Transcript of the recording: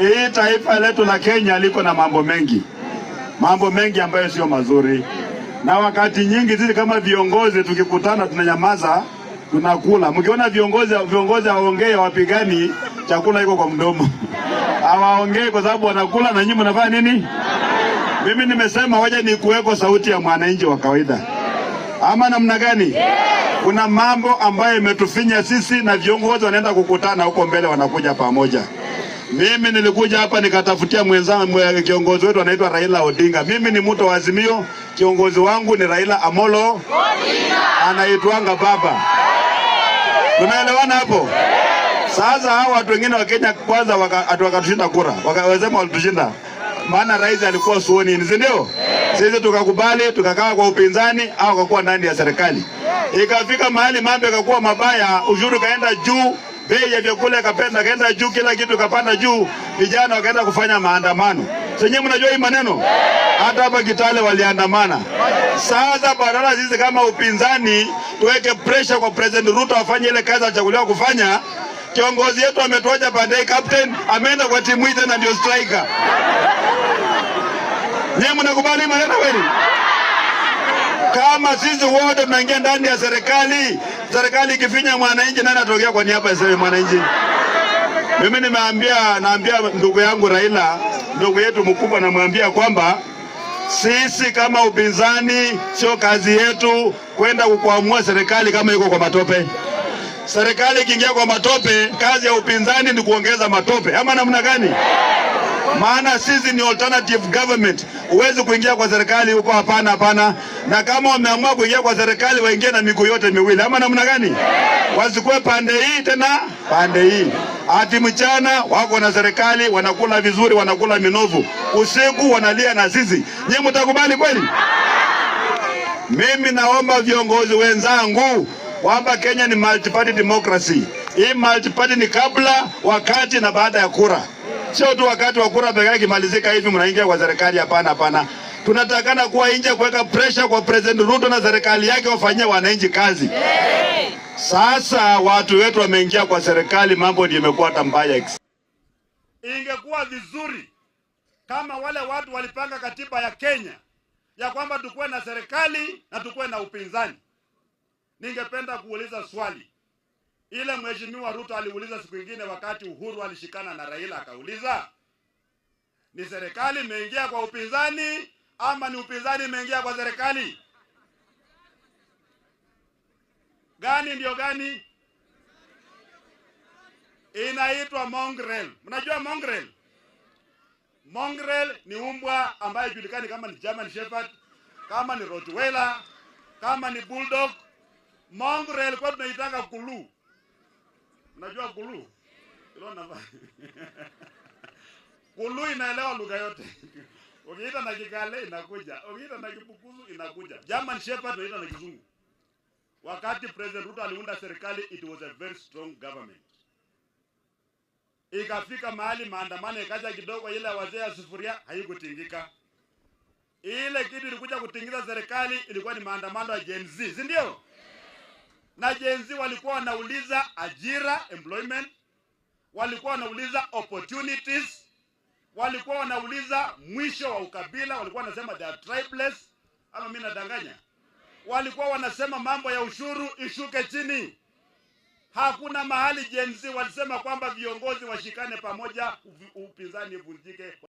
hii taifa letu la Kenya liko na mambo mengi, mambo mengi ambayo sio mazuri, na wakati nyingi sisi kama viongozi tukikutana tunanyamaza, tunakula. Mkiona viongozi viongozi hawaongei, hawapigani, chakula iko kwa mdomo, hawaongei kwa sababu wanakula, na nyinyi mnafanya nini? Mimi nimesema waje ni kuweko sauti ya mwananchi wa kawaida, ama namna gani? Kuna mambo ambayo imetufinya sisi, na viongozi wanaenda kukutana huko mbele, wanakuja pamoja. Mimi nilikuja hapa nikatafutia mwenzangu kiongozi wetu anaitwa Raila Odinga. Mimi ni mtu wa Azimio, kiongozi wangu ni Raila Amolo Odinga, anaitwanga baba. Tumeelewana hapo? Sasa hao watu wengine wa Kenya kwanza wakatushinda kura, wakawasema walitushinda maana rais alikuwa suoni, si ndio? Sisi tukakubali tukakaa kwa upinzani au kakuwa ndani ya serikali, ikafika mahali mambo yakakuwa mabaya, ushuru kaenda juu bei ya vyakula ikapenda kaenda juu, kila kitu kapanda juu, vijana wakaenda kufanya maandamano. Senyewe mnajua hii maneno, hata hapa Kitale waliandamana. Sasa badala sisi kama upinzani tuweke pressure kwa President Ruto afanye ile kazi alichaguliwa kufanya, kiongozi yetu ametuacha pandei, captain ameenda kwa timu hii tena ndio striker. Nyewe mnakubali maneno kweli? Kama sisi wote tunaingia ndani ya serikali, serikali ikifinya mwananchi, nani atokea kwa niaba ya mwananchi? Mimi nimeambia, naambia ndugu yangu Raila, ndugu yetu mkubwa, namwambia kwamba sisi kama upinzani, sio kazi yetu kwenda kukwamua serikali kama iko kwa matope. Serikali ikiingia kwa matope, kazi ya upinzani ni kuongeza matope, ama namna gani? maana sisi ni alternative government. Huwezi kuingia kwa serikali huko, hapana, hapana. Na kama wameamua kuingia kwa serikali, waingie na miguu yote miwili, ama namna gani? Wasikuwe pande hii tena pande hii, ati mchana wako na serikali, wanakula vizuri, wanakula minovu, usiku wanalia na sisi. Nyinyi mtakubali kweli? Mimi naomba viongozi wenzangu kwamba Kenya ni multi-party democracy. Hii multi-party ni kabla, wakati na baada ya kura. Sio tu wakati wa kura pekee ikimalizika hivi mnaingia kwa serikali. Hapana, hapana. Tunatakana kuwa nje kuweka pressure kwa President Ruto na serikali yake wafanyie wananchi kazi. Sasa watu wetu wameingia kwa serikali, mambo ndio imekuwa tambaya. Ingekuwa vizuri kama wale watu walipanga katiba ya Kenya ya kwamba tukuwe na serikali na tukuwe na upinzani. Ningependa kuuliza swali. Ile mheshimiwa Ruto aliuliza siku ingine, wakati Uhuru alishikana na Raila, akauliza ni serikali imeingia kwa upinzani ama ni upinzani imeingia kwa serikali? Gani ndio gani? Inaitwa mongrel. Mnajua mongrel? Mongrel ni umbwa ambaye julikani kama ni German Shepherd, kama ni Rottweiler, kama ni bulldog. Mongrel kwa tunaitaka kulu Unajua kulu? Ilo namba. kulu inaelewa lugha yote. Ukiita na kikale inakuja, ukiita na Kibukusu inakuja. German Shepherd unaita na Kizungu. Wakati President Ruto aliunda serikali, it was a very strong government. Ikafika mahali maandamano ikaja kidogo, ile wazee ya sufuria haikutingika. Ile kitu ilikuja kutingiza serikali ilikuwa ni maandamano ya Gen Z, si ndio? na Gen Z walikuwa wanauliza ajira employment, walikuwa wanauliza opportunities, walikuwa wanauliza mwisho wa ukabila, walikuwa wanasema they are tribeless, ama mimi nadanganya? Walikuwa wanasema mambo ya ushuru ishuke chini. Hakuna mahali Gen Z walisema kwamba viongozi washikane pamoja, upinzani uvunjike.